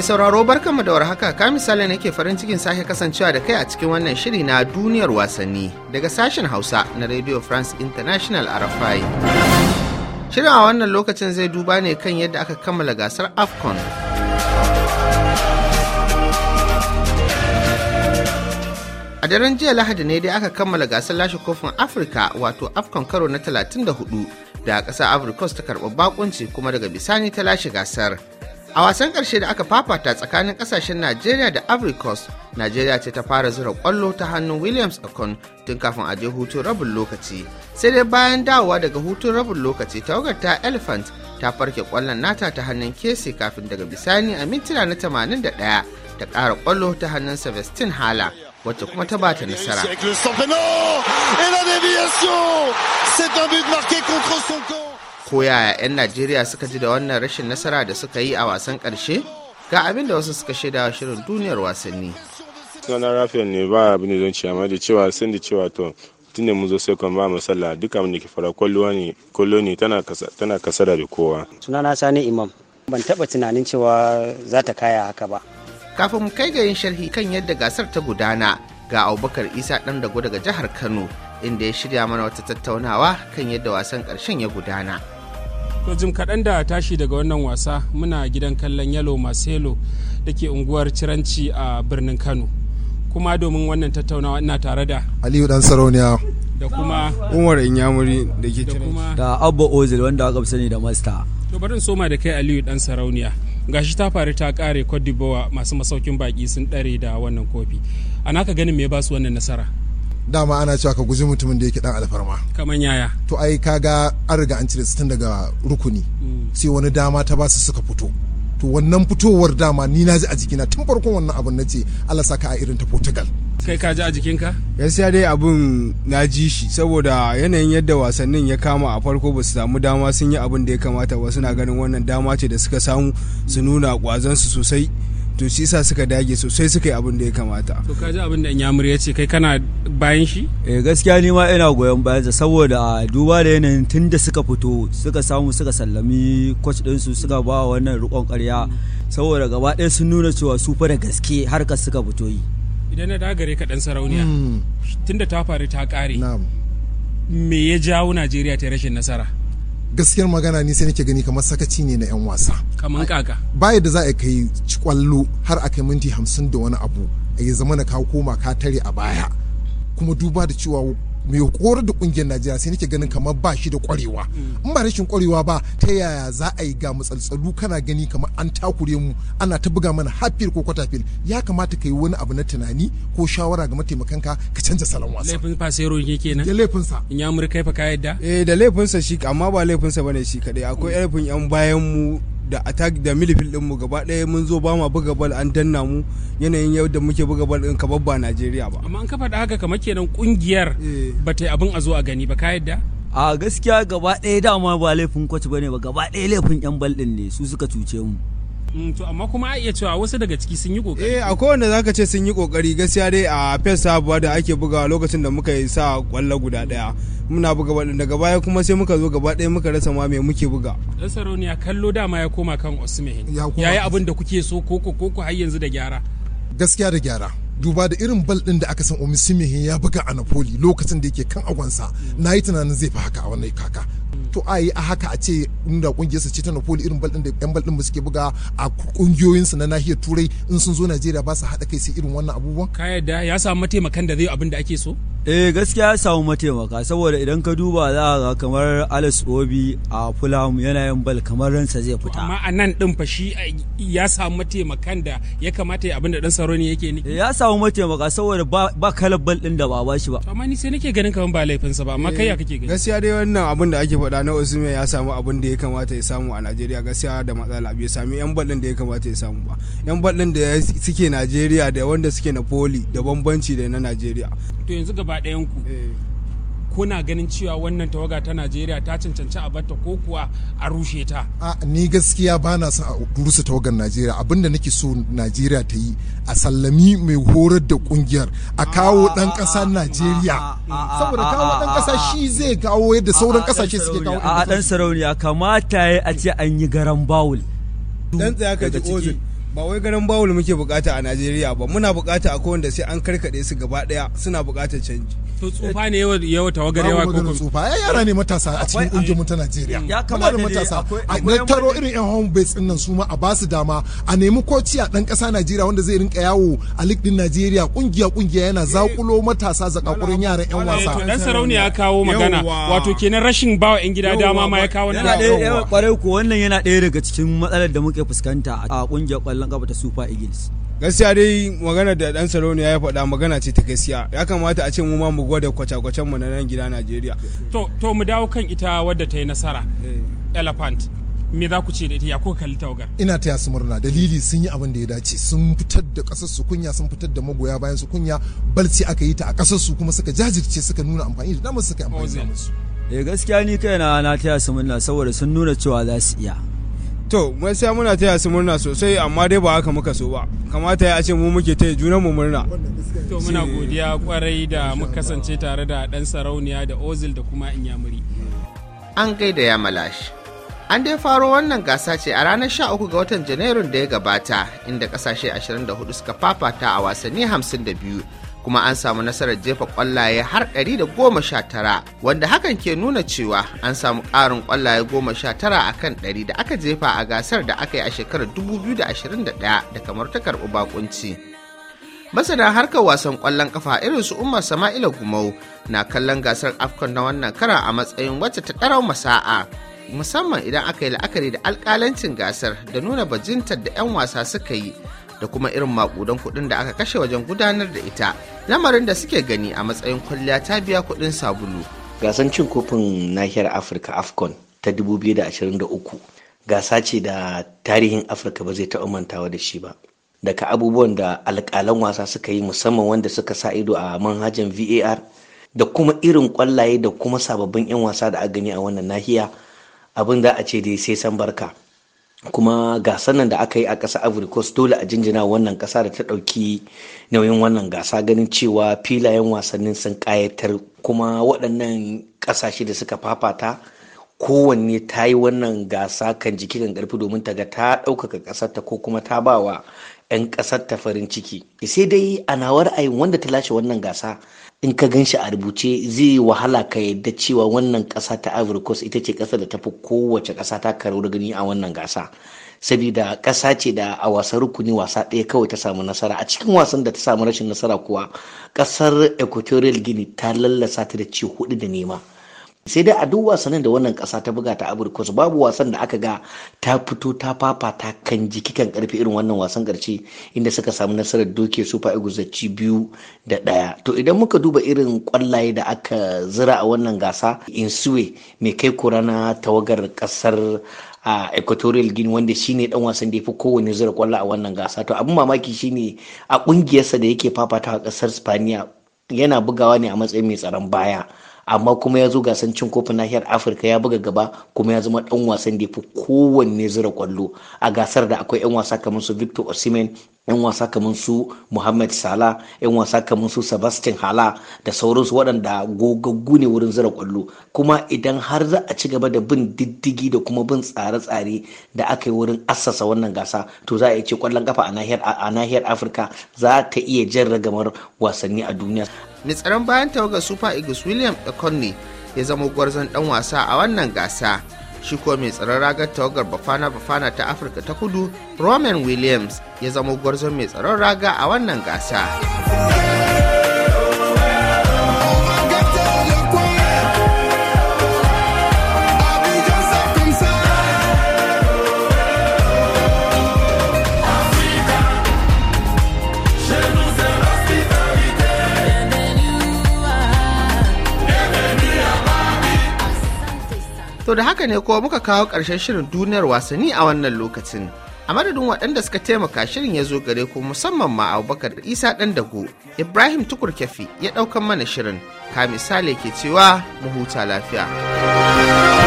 Mai sauraro barkanmu da warhaka ka misali nake farin cikin sake kasancewa da kai a cikin wannan shiri na duniyar wasanni daga sashen Hausa na Radio France International RFI. Shirin a wannan lokacin zai duba ne kan yadda aka kammala gasar AFCON. A daren jiya Lahadi ne dai aka kammala gasar lashe kofin Afirka wato AFCON karo na 34 da ƙasar Ivory ta karɓi bakunci kuma daga bisani ta lashe gasar. A wasan ƙarshe da aka fafata tsakanin ƙasashen Najeriya da Ivory Coast, Najeriya ce ta fara zura ƙwallo ta hannun Williams Akon tun kafin a je hutun rabin lokaci. Sai dai bayan dawowa daga hutun rabin lokaci tawagar ta Elephant ta farke ƙwallon nata ta hannun Kese kafin daga bisani a mintuna na 81 ta ƙara ƙwallo ta hannun Sebastian Hala. wacce kuma ta bata nasara. ko yaya 'yan najeriya suka ji da wannan rashin nasara da suka yi a wasan karshe ga abin da wasu suka shaida shirin duniyar wasanni suna rafiyar ne ba abin da zan ci amma da cewa sun da cewa to tun da mun zo sai kan ba masalla duka abin da ke fara kwallo ne kwallo tana kasara da kowa sunana sani imam ban taba tunanin cewa za ta kaya haka ba kafin mu kai ga yin sharhi kan yadda gasar ta gudana ga abubakar isa dan dago daga jihar kano inda ya shirya mana wata tattaunawa kan yadda wasan karshen ya gudana. to jim kaɗan da tashi daga wannan wasa muna gidan kallon yalo maselo da ke unguwar ciranci a birnin kano kuma domin wannan tattaunawa ina tare da aliyu dan sarauniya da kuma umar inyamuri da ke ciranci da abba ozil wanda aka sani da masta to bari soma da kai aliyu dan sarauniya gashi ta faru ta kare kwadibowa masu masaukin baki sun dare da wannan kofi a naka ganin me ba su wannan nasara dama ana cewa ka guji mutumin da yake dan alfarma kaman yaya to ai kaga an riga an cire tun daga rukuni mm. sai wani dama ta basu suka fito to wannan fitowar dama ni na ji a jikina tun farkon wannan abun na ce Allah saka a irin ta Portugal kai ka ji a jikinka gaskiya dai abun na ji shi saboda yanayin yadda wasannin ya kama a farko ba su samu dama sun yi abin da ya kamata ba suna ganin wannan dama ce da suka samu su nuna kwazon su sosai to shi sa suka dage sosai suka yi abin da ya kamata to ka ji abin da Inyamur ya ce kai kana bayan shi eh gaskiya ni ma ina goyon bayan sa saboda duba da yanayin tunda suka fito suka samu suka sallami coach din su suka ba wannan rikon ƙarya saboda gaba ɗaya sun nuna cewa su fa da gaske harkar suka fito yi idan na dagare ka dan sarauniya hmm. tunda ta faru ta kare me ya jawo Najeriya ta rashin nasara gaskiyar magana ni sai nake gani kamar sakaci ne na 'yan wasa kamar kaka baya da za a kai kwallo har a kai minti hamsin da wani abu a yi zama na kawo koma ka tare a baya kuma duba da cewa mai korar da kungiyar najeriya sai nake ganin kamar ba shi da kwarewa mm. in ba rashin kwarewa ba ta yaya za a yi ga matsaltsalu kana gani kamar an takure mu ana ta buga mana hafil ko kwatafil ya kamata ka yi wani abu na tunani ko shawara ga mataimakanka ka canza salon wasa laifin fasero yake nan da laifin sa in ya amurka fa ka yadda eh da laifin sa shi amma ba laifin sa bane shi kadai akwai mm. laifin yan bayan mu da attack da midfield din mu gaba ɗaya mun zo ba ma buga bal an danna mu yanayin yadda muke buga bal din kamar ba Najeriya ba amma an kafa da haka kamar kenan ƙungiyar eh. ba ta yi abin a zo a gani ba ka yadda a gaskiya gaba ɗaya dama ba laifin kwaci bane ba gaba ɗaya laifin yan bal din ne su suka cuce mu Mm, to amma kuma a iya cewa wasu daga ciki sun yi kokari eh akwai wanda zaka ce sun yi kokari gaskiya dai a fes sabuwa da ake bugawa lokacin da muka yi sa kwallo guda daya muna buga wadda daga baya kuma sai muka zo gaba daya muka rasa ma me muke buga dan ya kallo dama ya koma kan osmehin yayi abin da kuke so koko koko har yanzu da gyara gaskiya da gyara duba da irin bal din da aka san Omisimihin ya buga a lokacin da yake kan agonsa na yi tunanin zai fi haka a wannan kaka to a yi a haka a ce inda kungiyar su ce ta napoli irin baldin da yan baldin din suke buga a kungiyoyin su na nahiyar turai in sun zo najeriya ba su haɗa kai sai irin wannan abubuwan ka yadda ya samu mataimakan da zai abin da ake so eh gaskiya ya samu mataimaka saboda idan ka duba za ka ga kamar Alex Obi a Fulham yana yin bal kamar ransa zai fita amma a nan din fa shi ya samu mataimakan da ya kamata ya abin da dan Saroni yake ni eh, ya samu mataimaka saboda ba kalabal din da ba ba shi ba amma ni sai nake ganin kamar ba laifinsa ba amma kai ya kake gani gaskiya dai wannan abin da ake faɗa na ya samu abin da ya kamata ya samu a Najeriya gaskiya da matsala bai sami yan baɗin da ya kamata ya samu ba yan ballin da suke Najeriya da wanda suke na poli da bambanci da na Najeriya to yanzu gaba ɗayan ku eh. kuna ganin cewa wannan tawaga ta najeriya ta cancanci a batta ko kuwa a rushe ta a ni gaskiya ba na sa a rusa tawagar najeriya abinda nake so najeriya ta yi a sallami mai horar da kungiyar a kawo dan kasar najeriya saboda kawo dan kasa shi zai kawo yadda sauran kasashe suke kawo a dan sarauniya kamata ya a ce an yi garan bawul dan tsaya ka ji ozin ba wai ganin bawul muke bukata a najeriya ba muna bukata a kowanda sai an karkade su gaba daya suna bukata canji to tsufa ne yawa yawa tawagar yawa ko kuma tsufa ya yara ne matasa a cikin kungiyomin ta najeriya ya kamata matasa a na taro irin yan home base din nan su ma a ba su dama a nemi koci a dan kasa najeriya wanda zai rinka yawo a league din najeriya kungiya kungiya yana eh, zakulo matasa zakakurin yaran yan wasa to dan sarauniya ya kawo magana wato kenan rashin bawa yan gida dama ma ya kawo na kwarai ko wannan yana daya daga cikin matsalar da muke fuskanta a kungiya ƙwallon kafa ta Super Eagles. gaskiya dai magana da dan saloni ya faɗa magana ce ta gaskiya ya kamata a ce mu ma mu gwada kwace-kwacen mu na nan gida Najeriya to to mu dawo kan ita wadda ta yi nasara eh. elephant me za ku ce da ita ya kuka kalli tawagar ina taya su murna dalili sun yi abin da ya dace sun fitar da kasar su kunya sun fitar da magoya bayan su kunya balci aka yi ta a kasar su kuma suka jajirce suka nuna amfani da damar suka yi amfani da su eh gaskiya ni kaina na taya su murna saboda sun nuna cewa za su iya to gaskiya muna taya su murna sosai amma dai ba haka muka so ba kamata ya ce mu muke taya junan mu murna to muna godiya kwarai da muka kasance tare da dan sarauniya da ozil da kuma inyamuri an gaida ya malashi an dai faro wannan gasa ce a ranar 13 ga watan janairun da ya gabata inda kasashe 24 suka fafata a wasanni 52 kuma an samu nasarar jefa kwallaye har 119 wanda hakan ke nuna cewa an samu ƙarin kwallaye 19 a kan 100 da aka jefa a gasar da aka yi a shekarar 2021 da kamar ta karɓi bakunci. Masana harkar wasan kwallon kafa irin su Umar Sama'ila Gumau na kallon gasar Afcon na wannan kara a matsayin wacce ta ɗarau masa'a musamman idan aka yi la'akari da alƙalancin gasar da nuna bajintar da 'yan wasa suka yi da kuma irin makudan kuɗin da aka kashe wajen gudanar da ita lamarin da suke gani a matsayin kwalliya ta biya kuɗin sabulu gasan cin kofin nahiyar afirka afcon ta 2023 gasa ce da tarihin afirka ba zai taɓa mantawa da shi ba daga abubuwan da alƙalan wasa suka yi musamman wanda suka sa ido a manhajan var da kuma irin kwallaye da kuma sababbin 'yan wasa da a gani a wannan nahiya abin da a ce dai sai san barka kuma gasar nan da aka yi a ƙasa ivory coast dole a jinjina wannan ƙasa da ta ɗauki nauyin wannan gasa ganin cewa filayen wasannin sun ƙayatar kuma waɗannan ƙasashe da suka fafata kowanne ta yi wannan gasa kan jiki kan ƙarfi domin ta ga ta ɗaukaka ƙasarta ko kuma ta ba wa 'yan ƙasarta farin ciki sai dai a nawar ra'ayin wanda ta lashe wannan gasa in ka gan shi a rubuce zai wahala ka yadda cewa wannan ƙasa ta ivory coast ita ce ƙasa da ta fi kowace ƙasa ta karu gani a wannan gasa sabida ƙasa ce da a wasan rukuni wasa ɗaya kawai ta samu nasara a cikin wasan da ta samu rashin nasara kuwa ƙasar equatorial guinea ta lallasa ta da ci hudu da nema sai dai a duk wasannin da wannan kasa ta buga ta Abirkos babu wasan da aka ga ta fito ta fafata kan jiki kan karfi irin wannan wasan karshe inda suka samu nasarar doke Super Eagles ci biyu da ɗaya. To idan muka duba irin kwallaye da aka zira a wannan gasa Insuwe mai kai kura na tawagar kasar a equatorial guinea wanda shine dan wasan da ya fi kowane zira kwallo a wannan gasa to abin mamaki shine a kungiyarsa da yake fafata a kasar spaniya yana bugawa ne a matsayin mai tsaron baya amma kuma ya zo gasan cin kofin nahiyar afirka ya buga gaba kuma ya zama dan wasan da ya fi kowanne zira kwallo a gasar da akwai yan wasa kamar su victor osimhen 'yan wasa kamar su Muhammad Sala 'yan wasa kamar su Sebastian Hala da sauransu waɗanda gogaggu ne wurin zira kwallo kuma idan har za a ci gaba da bin diddigi da kuma bin tsare-tsare da aka yi wurin assasa wannan gasa to za a iya ce kwallon kafa a nahiyar Afirka za ta iya jan ragamar wasanni a duniya. Mai tsaron bayan tawagar Super Eagles William Ekonne ya zama gwarzon dan wasa a wannan gasa. shi kuwa mai tsaron ragar tawagar bafana bafana ta afirka ta kudu roman williams ya zama gwarzon mai tsaron raga a wannan gasa To da haka ne kuma muka kawo ƙarshen shirin duniyar wasanni a wannan lokacin. A madadin waɗanda suka taimaka shirin ya zo gare ku musamman ma Abubakar Isa ɗan dago, Ibrahim Tukur Kefi ya ɗaukan mana shirin, ka misali ke cewa mu huta lafiya.